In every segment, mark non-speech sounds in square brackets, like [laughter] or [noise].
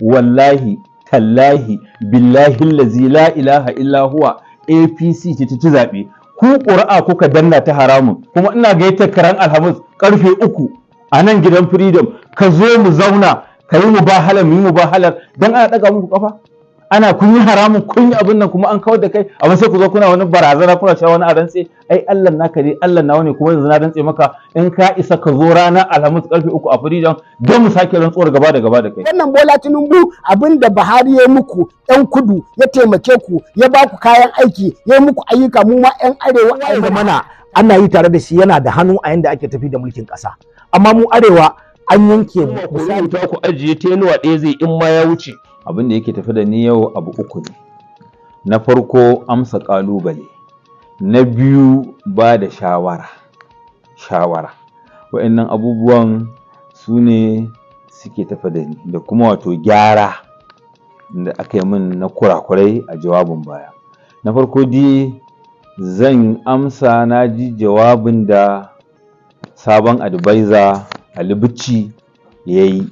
wallahi tallahi billahi lazi la ilaha illa huwa apc ce ta ci zaɓe ku ƙuri'a kuka danna ta haramun kuma ina gaita karan alhamis ƙarfe uku a nan gidan freedom ka zo mu zauna ka yi mu bahalar mu yi mu bahalar don ana ɗaga muku ƙafa. ana kun yi haramun kun yi abin nan kuma an kawar da kai amma sai ku zo kuna wani barazana kuna cewa wani a rantse ai Allah naka ne Allah nawa ne kuma yanzu na rantse maka in ka isa ka zo rana alhamis karfe uku a firijan don mu sake rantsuwar gaba da gaba da kai wannan bola tinubu abin da Buhari ya muku yan kudu ya taimake ku ya ba ku kayan aiki ya muku ayyuka mu ma yan arewa ai mana ana yi tare da shi yana da hannu a yanda ake tafi da mulkin kasa amma mu arewa an yanke mu ku ajiye tenuwa ɗaya zai in ma ya wuce abin da yake tafi da ni yau abu uku ne na farko amsa ƙalubale na biyu ba da shawara shawara wa'annan abubuwan su ne suke tafi da ni da kuma wato gyara da aka yi min na kurakurai a jawabin baya na farko di zan amsa na ji jawabin da sabon advisor alibici ya yi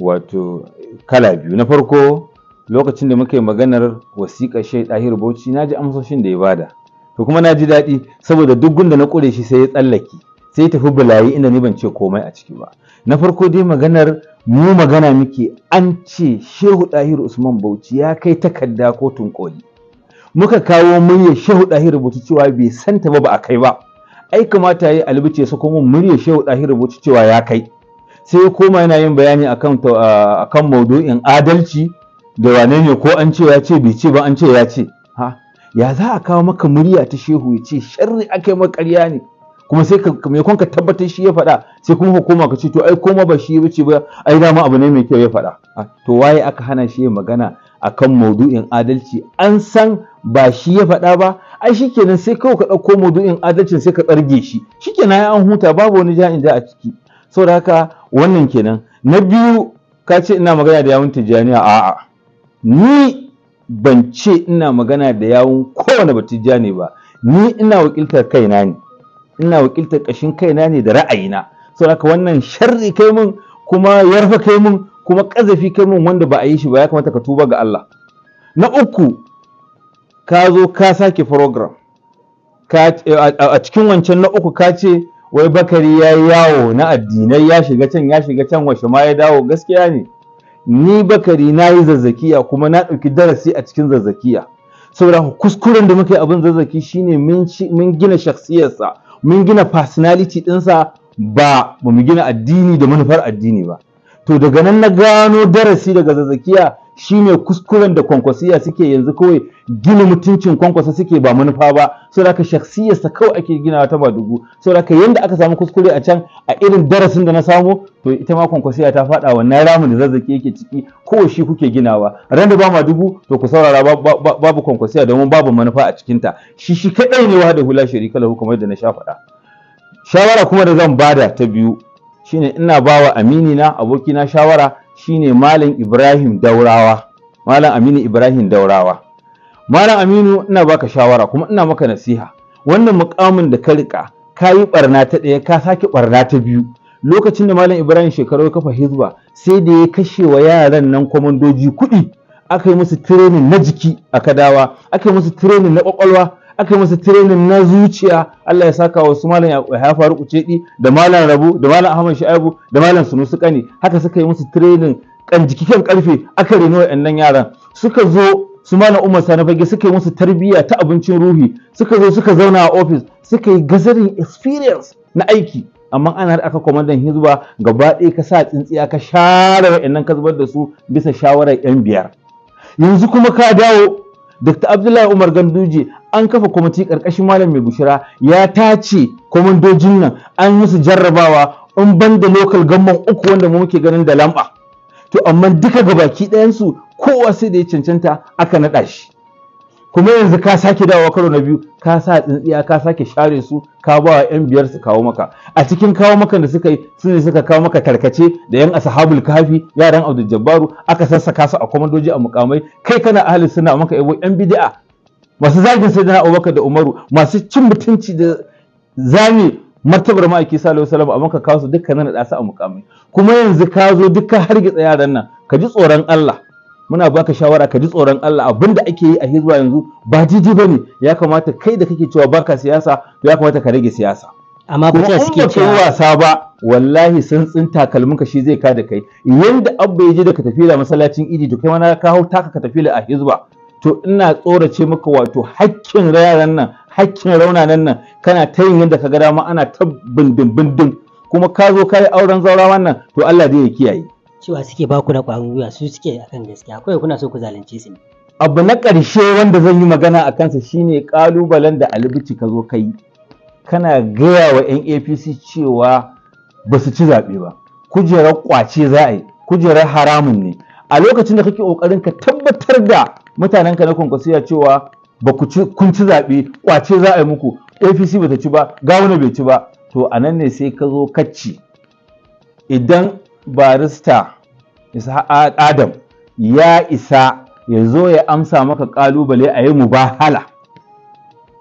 wato kala biyu na farko lokacin da muka yi maganar wasiƙar shai ɗahir bauchi na ji amsoshin da ya bada to kuma na ji daɗi saboda duk gunda na ƙure shi sai ya tsallake sai ya tafi bulayi inda ni ban ce komai a ciki ba na farko dai maganar mu magana muke an ce shehu ɗahir usman bauchi ya kai takarda kotun koli muka kawo muryar shehu ɗahir bauchi cewa bai santa ba ba a kai ba ai kamata ya yi albice su kuma muryar shehu ɗahir bauchi cewa ya kai sai ya koma yana yin bayani akan akan maudu'in adalci da wane ne ko an ce ya ce bai ce ba an ce ya ce ya za a kawo maka murya ta shehu ya ce sharri ake makarya ne kuma sai ka me ka tabbatar shi ya faɗa sai kuma ka hukuma ka ce to ai koma ba shi ya ce ba ai dama abu ne mai kyau ya faɗa to waye aka hana shi ya magana akan maudu'in adalci an san ba shi ya faɗa ba ai shi shikenan sai kawai ka ɗauko maudu'in adalcin sai ka tsarge shi shikenan ya an huta babu wani ja'in ja a ciki saboda haka wannan kenan na biyu ka ce ina magana da yawun tijjaniya a'a ni ban ce ina magana da yawun kowane batijjani ba ni ina wakiltar kaina ne ina wakiltar kashin kaina ne da ra'ayina sau haka wannan sharri kai mun kuma yarfa kai mun kuma ƙazafi kai mun wanda ba a yi shi ba ya kamata ka tuba ga Allah na uku ka zo ka sake program a cikin wancan na uku ka ce wai bakari ya yi yawo na addinai ya shiga can ya shiga can washe ma ya dawo gaskiya ne ni bakari na yi zazzakiya kuma na ɗauki darasi a cikin zazzakiya saboda kuskuren da muka yi abin zazzaki shine mun gina shaksiyarsa mun gina personality ɗinsa ba mu gina addini da manufar addini ba to daga nan na gano darasi daga zazzakiya Shi ne kuskuren da kwankwasiya suke yanzu kawai gina mutuncin kwankwasa suke ba manufa ba so da aka shaksiyarsa kawai ake ginawa ta badugu so da yanda aka samu kuskure a can a irin darasin da na samu to ita ma kwankwasiya ta faɗa wannan ramin da zazzaki yake ciki kowa shi kuke ginawa ran da ba ma dubu to ku saurara babu kwankwasiya domin babu manufa a cikinta shi shi kaɗai ne wa da hula shirika lahu kamar da na sha faɗa shawara kuma da zan bada ta biyu shine ina bawa amini na abokina shawara shine Malam Ibrahim Daurawa, Malam Aminu Ibrahim Daurawa. Malam Aminu ina baka shawara kuma ina maka nasiha. Wannan mukamin da ka rika ka yi barna ta ɗaya ka sake ɓarna ta biyu. Lokacin da Malam Ibrahim shekaru ya kafa hizba sai da ya kashe wa yaran nan kwamandoji kuɗi aka yi musu tirenin na jiki a kadawa aka yi musu tirenin na ƙwaƙwalwa aka yi masa training na zuciya Allah ya saka wa su malam ya faru kucedi da malam rabu da malam ahmad shaibu da malam sunusu kani haka suka yi musu training kan jikikan karfe aka reno wayannan yaran suka zo su malam umar sani fage suka yi musu tarbiyya ta abincin ruhi suka zo suka zauna a ofis suka yi gazarin experience na aiki amma ana aka kwamandan hizba gaba ɗaya ka sa tsintsiya ka share wa'annan ka zubar da su bisa shawarar yan biyar yanzu kuma ka dawo Dr. Abdullahi Umar Ganduje an kafa kwamiti ƙarƙashin Malam Mai Bushira ya tace kwamandojin nan an yi musu jarrabawa in ban da lokal gamman uku wanda mu muke ganin da lamba. To amma duka gabaki ɗayansu kowa sai da ya cancanta aka naɗa shi. kuma yanzu ka sake dawowa karo na biyu ka sa tsintsiya ka sake share su ka ba wa yan biyar su kawo maka a cikin kawo maka da suka yi su ne suka kawo maka tarkace da yan ashabul kafi yaran abdul jabbaru aka sassaka su a kwamandoji a mukamai kai kana ahli suna maka yabo yan bid'a masu zagin sai na abubakar da umaru masu cin mutunci da zame martabar ma'aiki sallallahu alaihi a maka kawo su dukkan nan da a mukamai kuma yanzu ka zo dukkan hargitsa yaran nan ka ji tsoron Allah muna baka shawara ka ji tsoron Allah Abinda ake yi a hizba yanzu ba jiji ba ne ya kamata kai da kake cewa baka siyasa to ya kamata ka rage siyasa amma ba ta suke cewa wasa ba wallahi sun tsin takalminka shi zai ka da kai yanda abba ya je da ka da masallacin idi to kai ma ka hau taka ka da a hizba to ina tsorace maka wato hakkin yaran nan hakkin raunanan nan kana ta yin yadda ka ga dama ana ta bindin bindin kuma ka zo ka yi auren zaura wannan to Allah zai ya kiyaye cewa suke ba ku da ƙwarin gwiwa su suke akan gaskiya kawai kuna so ku zalunce su ne abu na ƙarshe wanda zan yi magana a kansa shine ƙalubalen da alibici ka zo ka kana gaya wa 'yan apc cewa ba su ci zaɓe ba kujerar ƙwace za a yi kujerar haramun ne a lokacin da kake ƙoƙarin ka tabbatar da mutanen ka na kwankwasiya cewa ba kun ci zaɓe ƙwace za a yi muku apc ba ta ci ba gawuna bai ci ba to a nan ne sai ka zo kacci idan barista adam ya isa ya zo ya amsa maka ƙalubale a yi mubahala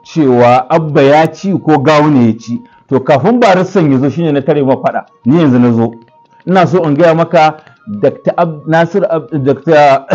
cewa abba ya ci ko gawuna ya ci to kafin ba baristan ya zo shine na tare ma faɗa ni yanzu na zo ina so in gaya maka dr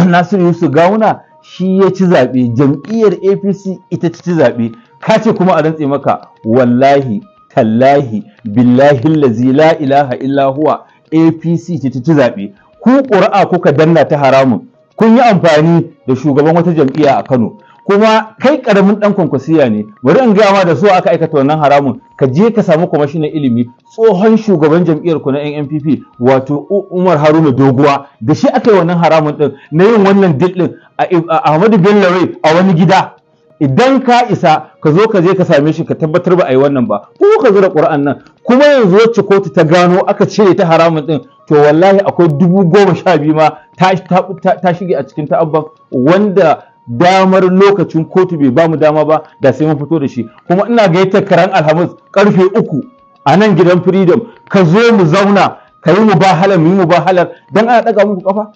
nasir [clears throat] yusuf gawuna shi ya ci zaɓe jam'iyyar apc ita ci zaɓe ka ce kuma a rantse maka wallahi tallahi billahi lazi la ilaha illa huwa apc ce ta ci zaɓe ku ƙuri'a kuka danna ta haramun kun yi amfani da shugaban wata jam'iyya a Kano kuma kai karamin dan kwankwasiya ne bari in gaya ma da so aka aikata wannan haramun ka je ka samu kwamishinan ilimi tsohon shugaban jam'iyyar ku na NNPP wato Umar Haruna Doguwa da shi aka yi wannan haramun din na yin wannan dil din a Ahmadu Bello a wani gida idan ka isa ka zo ka je ka same shi ka tabbatar ba a yi wannan ba ko ka zura Qur'an nan kuma yanzu wacce kotu ta gano aka cire ta haramun din to wallahi akwai dubu goma sha biyu ma ta shige a cikin ta'abban wanda damar lokacin kotu bai bamu dama ba da sai mun fito da shi kuma ina gayyatar karan alhamis karfe uku a nan gidan freedom ka zo mu zauna ka yi mu bahalar mu yi mu bahalar don ana ɗaga muku kafa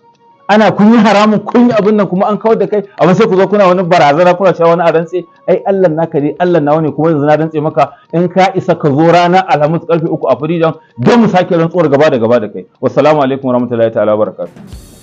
ana kun yi haramun kun yi abin nan kuma an kawar da kai amma sai ku zo kuna wani barazana kuna cewa wani a rantse ai Allah naka ne Allah nawa ne kuma yanzu na rantse maka in ka isa ka zo ranar alhamis karfe uku a firijan don mu sake rantsuwar gaba da gaba da kai wassalamu alaikum warahmatullahi ta'ala barakatuh